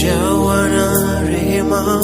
jawa na rehema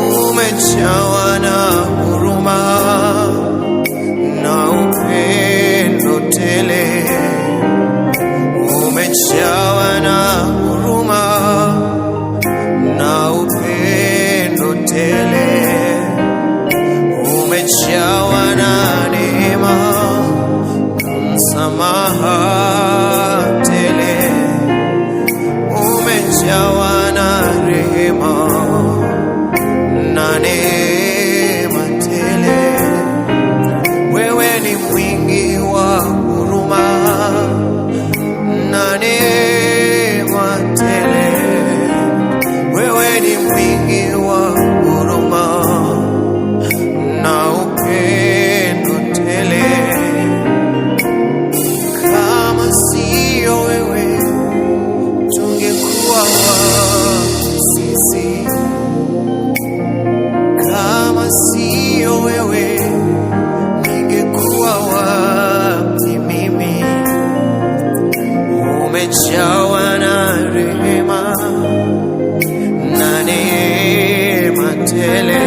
umechao. my heart. ni matele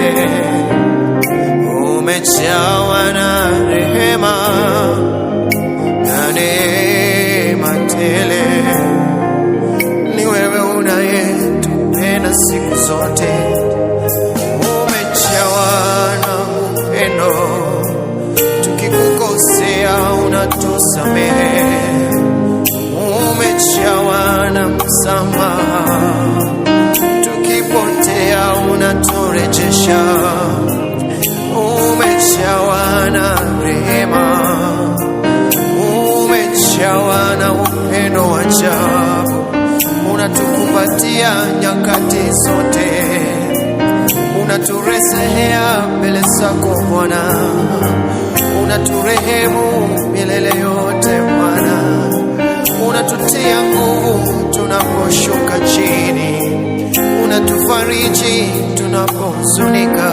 umejawa na rehema na neema tele, ni wewe unayetupenda siku zote umesha rehema, umeshawana upendo wa ajabu, unatukumbatia nyakati zote, unaturesehea mbele zako Bwana, unaturehemu milele yote Bwana, unatutia nguvu tunaposhuka chini, unatufariji na po sunika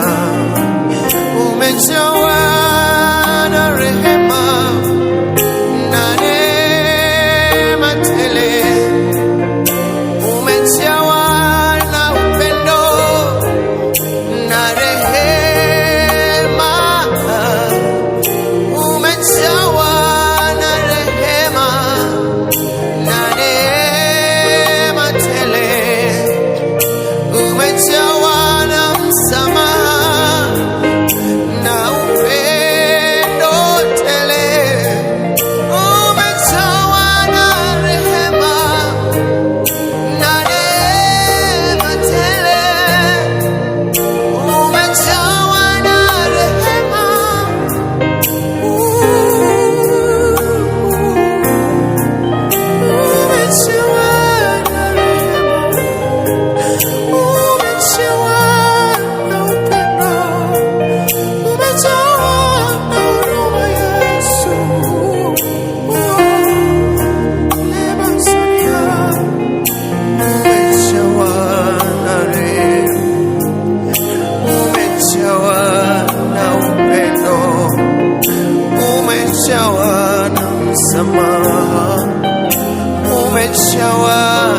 shawa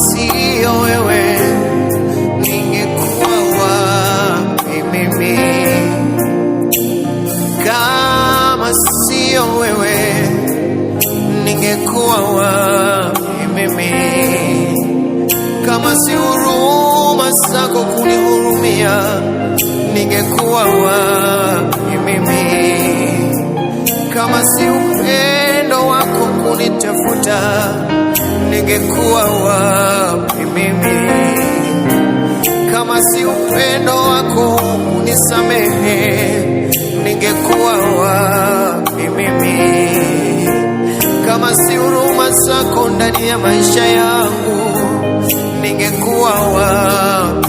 siyo wewe ningekuwa wapi mimi? Kama siyo kunihurumia ningekuwa wapi mimi? kama si upendo wako kunitafuta, ningekuwa wapi mimi? Kama si upendo wako kunisamehe, ningekuwa wapi mimi? Kama si huruma zako ndani ya maisha yangu, ningekuwa wapi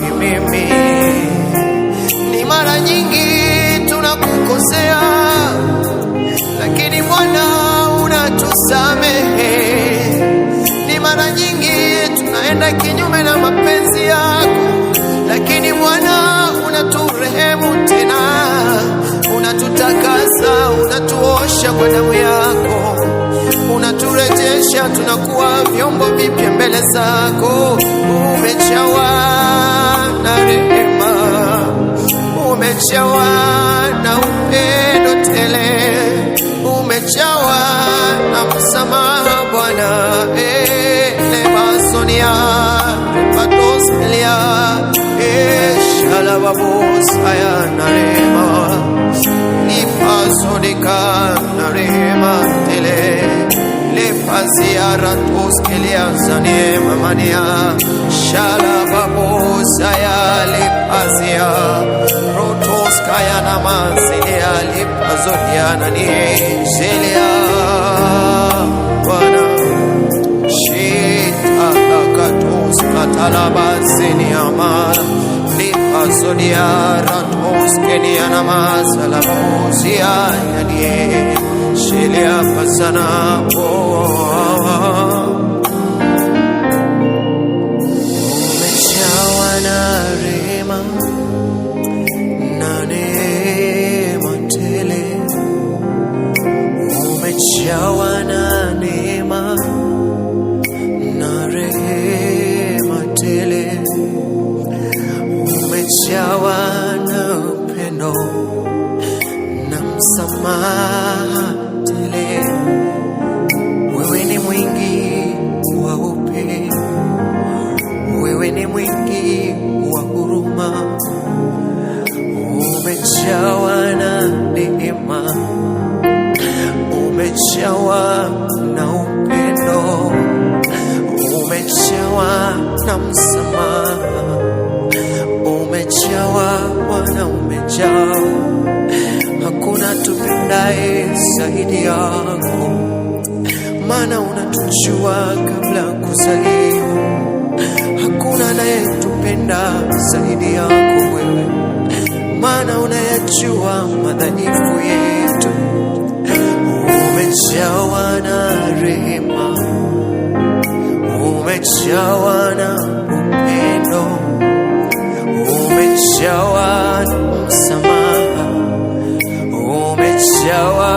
unatakasa, unatuosha kwa damu yako, unaturejesha, tunakuwa vyombo vipya mbele zako. Umejawa na rehema, umejawa na upendo tele, umejawa na msamaha Bwana elevasonia repatoskelia eshalavabosayanare فزيارة أوسكيليا زاني ممانيا شالابا موزايا لبازيا روتوس كايانا مانزيليا لبازوديا ناني زيليا وانا شيتا لكاتوس كاتالابا زينيا sonia ranos kenia nama salamosia yanie shilia pasana po umejawa na neema, umejawa na upendo, umejawa na msamaha, umejawa Bwana, umejaa. Hakuna tupendaye zaidi yako, maana unatujua kabla kuzaliwa, hakuna anayetupenda zaidi yako wewe, maana unayajua madhaifu yetu. Umejawa na rehema, umejawa na upendo, umejawa na msamaha, umejawa,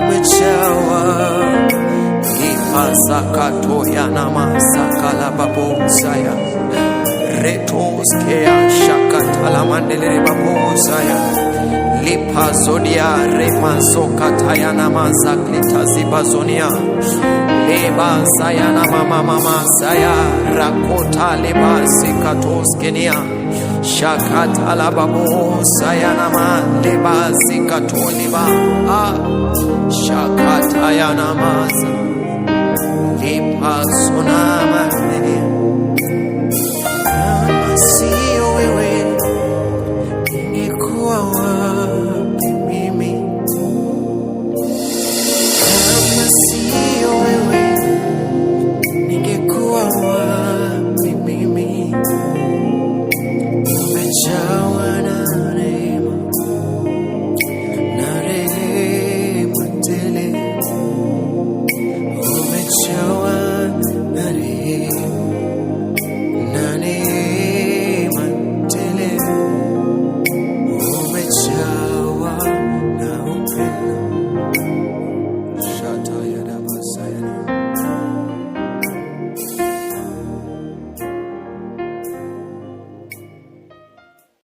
umejawa ipasakatoya na masakala babosaya retoskea shakatalamandeleremabozaya lipazodia remazokatayanamaza klitazibazonia lebazayanamamamamasaya rakota lebasikatoskenia shakatalababosayanama lebazikatoliba ah, shakatayanamaza lipazonama